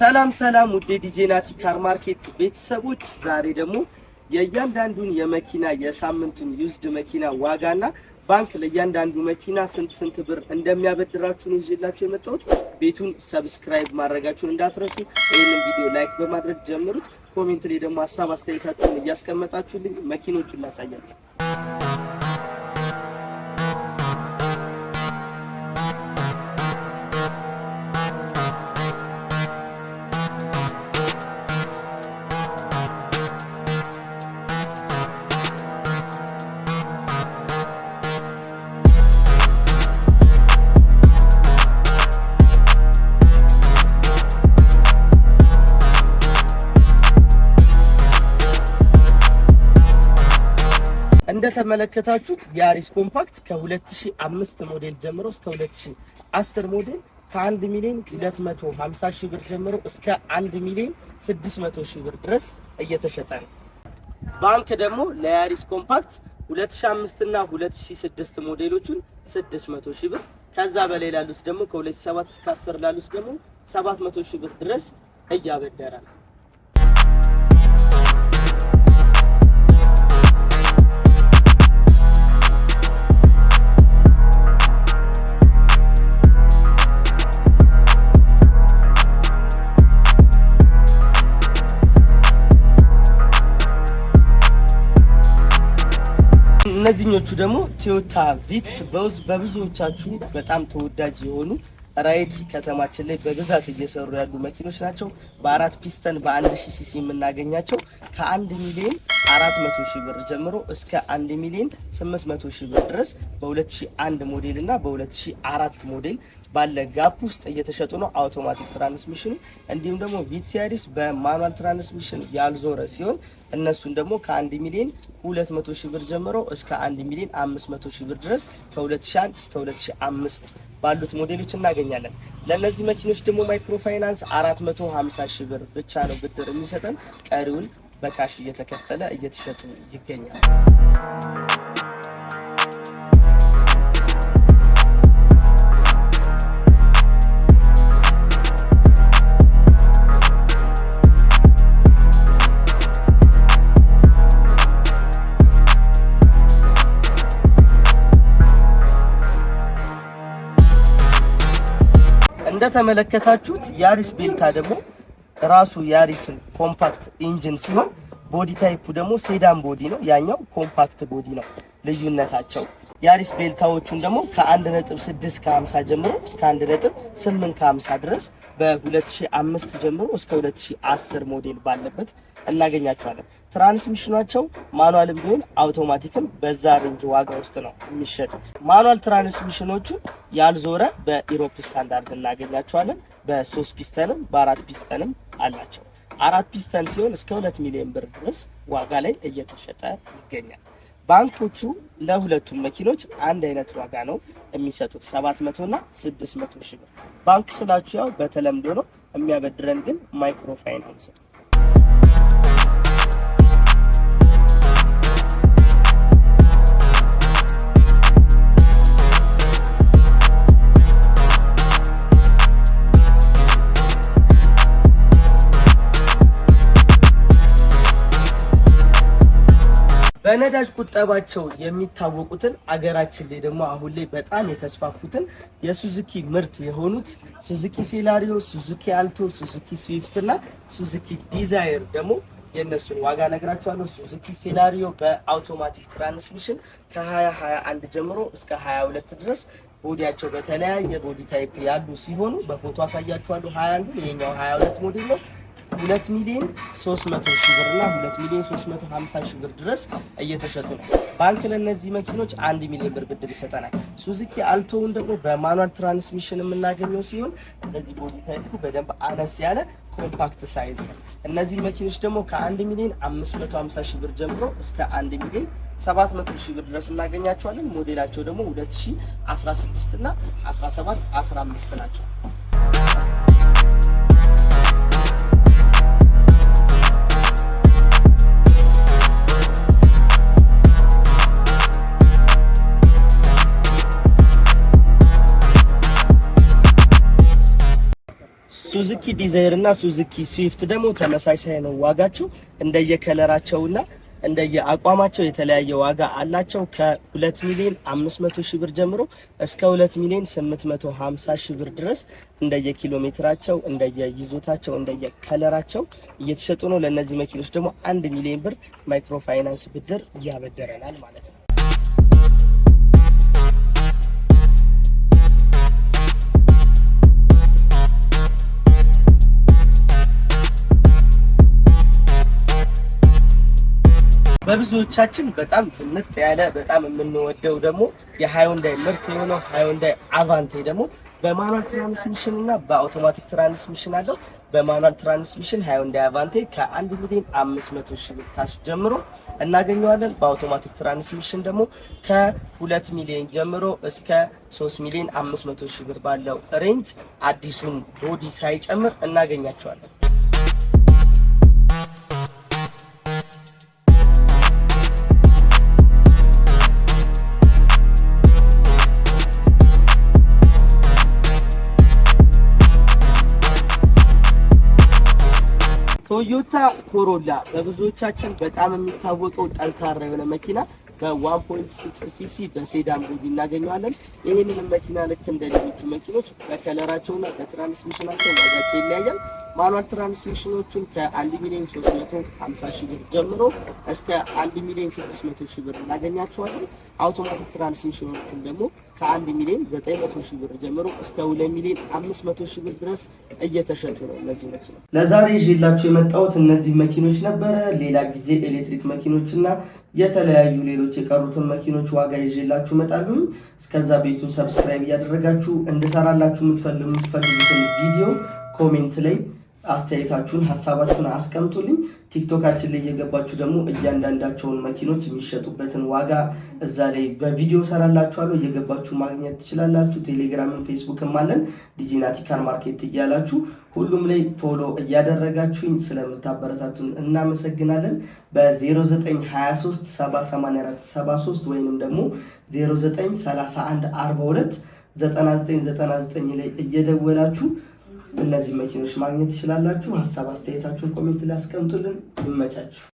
ሰላም ሰላም ውዴ ዲጄናቲ ካር ማርኬት ቤተሰቦች፣ ዛሬ ደግሞ የእያንዳንዱን የመኪና የሳምንቱን ዩዝድ መኪና ዋጋና ባንክ ለእያንዳንዱ መኪና ስንት ስንት ብር እንደሚያበድራችሁ ነው ይዤላችሁ የመጣሁት። ቤቱን ሰብስክራይብ ማድረጋችሁን እንዳትረሱ። ይህንን ቪዲዮ ላይክ በማድረግ ጀምሩት። ኮሜንት ላይ ደግሞ ሀሳብ አስተያየታችሁን እያስቀመጣችሁልኝ መኪኖቹን ላሳያችሁ። እንደተመለከታችሁት ያሪስ ኮምፓክት ከ2005 ሞዴል ጀምሮ እስከ 2010 ሞዴል ከ1 ሚሊዮን 250 ሺህ ብር ጀምሮ እስከ 1 ሚሊዮን 600 ሺህ ብር ድረስ እየተሸጠ ነው። ባንክ ደግሞ ለያሪስ ኮምፓክት 2005 እና 2006 ሞዴሎቹን 600 ሺህ ብር ከዛ በላይ ላሉት ደግሞ ከ2007 እስከ 10 ላሉት ደግሞ 700 ሺህ ብር ድረስ እያበደረ ነው። ቡድኖቹ ደግሞ ቶዮታ ቪትስ በብዙዎቻችሁ በጣም ተወዳጅ የሆኑ ራይድ ከተማችን ላይ በብዛት እየሰሩ ያሉ መኪኖች ናቸው። በአራት ፒስተን በአንድ ሺ ሲሲ የምናገኛቸው ከአንድ ሚሊዮን አራት መቶ ሺ ብር ጀምሮ እስከ አንድ ሚሊዮን ስምንት መቶ ሺ ብር ድረስ በሁለት ሺ አንድ ሞዴል እና በሁለት ሺ አራት ሞዴል ባለ ጋፕ ውስጥ እየተሸጡ ነው። አውቶማቲክ ትራንስሚሽኑ እንዲሁም ደግሞ ቪትሲያሪስ በማኑዋል ትራንስሚሽን ያልዞረ ሲሆን እነሱን ደግሞ ከአንድ ሚሊዮን ሁለት መቶ ሺህ ብር ጀምሮ እስከ አንድ ሚሊዮን አምስት መቶ ሺህ ብር ድረስ ከሁለት ሺ አንድ እስከ ሁለት ሺ አምስት ባሉት ሞዴሎች እናገኛለን። ለእነዚህ መኪኖች ደግሞ ማይክሮ ፋይናንስ 450 ሺህ ብር ብቻ ነው ብድር የሚሰጠን፣ ቀሪውን በካሽ እየተከፈለ እየተሸጡ ይገኛል። እንደተመለከታችሁት ያሪስ ቤልታ ደግሞ ራሱ ያሪስን ኮምፓክት ኢንጂን ሲሆን ቦዲ ታይፑ ደግሞ ሴዳን ቦዲ ነው። ያኛው ኮምፓክት ቦዲ ነው ልዩነታቸው። የአሪስ ቤልታዎቹን ደግሞ ከ1.6 ከ50 ጀምሮ እስከ 1.8 ከ50 ድረስ በ 205 ጀምሮ እስከ 2010 ሞዴል ባለበት እናገኛቸዋለን። ትራንስሚሽናቸው ማኑዋልም ቢሆን አውቶማቲክም በዛ ሬንጅ ዋጋ ውስጥ ነው የሚሸጡት። ማኑዋል ትራንስሚሽኖቹን ያልዞረ በኢሮፕ ስታንዳርድ እናገኛቸዋለን። በሶስት ፒስተንም በአራት ፒስተንም አላቸው። አራት ፒስተን ሲሆን እስከ 2 ሚሊዮን ብር ድረስ ዋጋ ላይ እየተሸጠ ይገኛል። ባንኮቹ ለሁለቱም መኪኖች አንድ አይነት ዋጋ ነው የሚሰጡት፣ 700 እና መቶ ሺህ ብር። ባንክ ስላችሁ ያው በተለምዶ ነው። የሚያበድረን ግን ማይክሮ ፋይናንስ በነዳጅ ቁጠባቸው የሚታወቁትን አገራችን ላይ ደግሞ አሁን ላይ በጣም የተስፋፉትን የሱዙኪ ምርት የሆኑት ሱዙኪ ሴላሪዮ፣ ሱዙኪ አልቶ፣ ሱዙኪ ስዊፍት እና ሱዙኪ ዲዛይር ደግሞ የእነሱን ዋጋ ነግራቸዋለሁ። ሱዙኪ ሴላሪዮ በአውቶማቲክ ትራንስሚሽን ከ2021 ጀምሮ እስከ 22 ድረስ ቦዲያቸው በተለያየ ቦዲ ታይፕ ያሉ ሲሆኑ በፎቶ አሳያችኋለሁ። 21 ይሄኛው 22 ሞዴል ነው። ሁለት ሚሊዮን 300 ሺህ ብር እና ሁለት ሚሊዮን 350 ሺህ ብር ድረስ እየተሸጡ ነው። ባንክ ለእነዚህ መኪኖች አንድ ሚሊዮን ብር ብድር ይሰጠናል። ሱዚኪ አልቶውን ደግሞ በማኑዋል ትራንስሚሽን የምናገኘው ሲሆን እነዚህ ቦዲ ታይፑ በደንብ አነስ ያለ ኮምፓክት ሳይዝ ነው። እነዚህ መኪኖች ደግሞ ከአንድ ሚሊዮን 550 ሺህ ብር ጀምሮ እስከ አንድ ሚሊዮን 700 ሺህ ብር ድረስ እናገኛቸዋለን። ሞዴላቸው ደግሞ 2016 እና 17 15 ናቸው። ሱዙኪ ዲዛይር እና ሱዙኪ ስዊፍት ደግሞ ተመሳሳይ ነው ዋጋቸው። እንደየከለራቸውና እንደየአቋማቸው የተለያየ ዋጋ አላቸው። ከ2 ሚሊዮን 500 ሺህ ብር ጀምሮ እስከ 2 ሚሊዮን 850 ሺህ ብር ድረስ እንደየኪሎ ሜትራቸው፣ እንደየይዞታቸው፣ እንደየከለራቸው እየተሸጡ ነው። ለእነዚህ መኪኖች ደግሞ አንድ ሚሊዮን ብር ማይክሮ ፋይናንስ ብድር ያበደረናል ማለት ነው። በብዙዎቻችን በጣም ዝንጥ ያለ በጣም የምንወደው ደግሞ የሃይወንዳይ ምርት የሆነው ሃይወንዳይ አቫንቴ ደግሞ በማኑዋል ትራንስሚሽን እና በአውቶማቲክ ትራንስሚሽን አለው። በማኑዋል ትራንስሚሽን ሃይወንዳይ አቫንቴ ከአንድ ሚሊዮን አምስት መቶ ሺህ ብር ጀምሮ እናገኘዋለን። በአውቶማቲክ ትራንስሚሽን ደግሞ ከሁለት ሚሊዮን ጀምሮ እስከ ሶስት ሚሊዮን አምስት መቶ ሺህ ብር ባለው ሬንጅ አዲሱን ቦዲ ሳይጨምር እናገኛቸዋለን። ቶዮታ ኮሮላ በብዙዎቻችን በጣም የሚታወቀው ጠንካራ የሆነ መኪና በ1.6 ሲሲ በሴዳን ቦዲ እናገኘዋለን። ይህንን መኪና ልክ እንደ ሌሎቹ መኪኖች በከለራቸውና በትራንስሚሽናቸው ዋጋቸው ይለያያል። ማኑዋል ትራንስሚሽኖቹን ከ1 ሚሊዮን 350 ሺህ ብር ጀምሮ እስከ 1 ሚሊዮን 600 ሺህ ብር እናገኛቸዋለን። አውቶማቲክ ትራንስሚሽኖችን ደግሞ ከአንድ ሚሊዮን ዘጠኝ መቶ ሺህ ብር ጀምሮ እስከ ሁለት ሚሊዮን አምስት መቶ ሺህ ብር ድረስ እየተሸጡ ነው እነዚህ መኪኖች። ለዛሬ ይዤላቸው የመጣሁት እነዚህ መኪኖች ነበረ። ሌላ ጊዜ ኤሌክትሪክ መኪኖች እና የተለያዩ ሌሎች የቀሩትን መኪኖች ዋጋ ይዤላችሁ እመጣለሁ። እስከዛ ቤቱ ሰብስክራይብ እያደረጋችሁ እንድሰራላችሁ የምትፈልጉትን ቪዲዮ ኮሜንት ላይ አስተያየታችሁን ሀሳባችሁን አስቀምጡልኝ። ቲክቶካችን ላይ እየገባችሁ ደግሞ እያንዳንዳቸውን መኪኖች የሚሸጡበትን ዋጋ እዛ ላይ በቪዲዮ ሰራላችኋለሁ እየገባችሁ ማግኘት ትችላላችሁ። ቴሌግራምን ፌስቡክም አለን ዲጂናቲ ካር ማርኬት እያላችሁ ሁሉም ላይ ፎሎ እያደረጋችሁኝ ስለምታበረታቱን እናመሰግናለን። በ0923 ወይም ወይንም ደግሞ 0931 42 9999 ላይ እየደወላችሁ እነዚህ መኪኖች ማግኘት ትችላላችሁ። ሀሳብ አስተያየታችሁን ኮሜንት ላይ አስቀምጡልን። ይመቻችሁ።